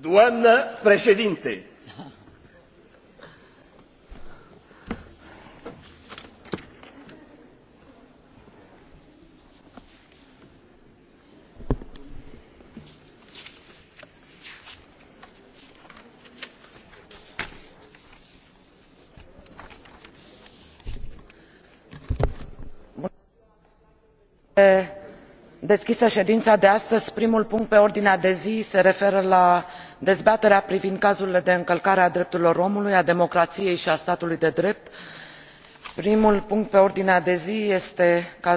Doamnă președinte, deschisă ședința de astăzi primul punct pe ordinea de zi se referă la dezbaterea privind cazurile de încălcare a drepturilor omului a democrației și a statului de drept. primul punct pe ordinea de zi este cazul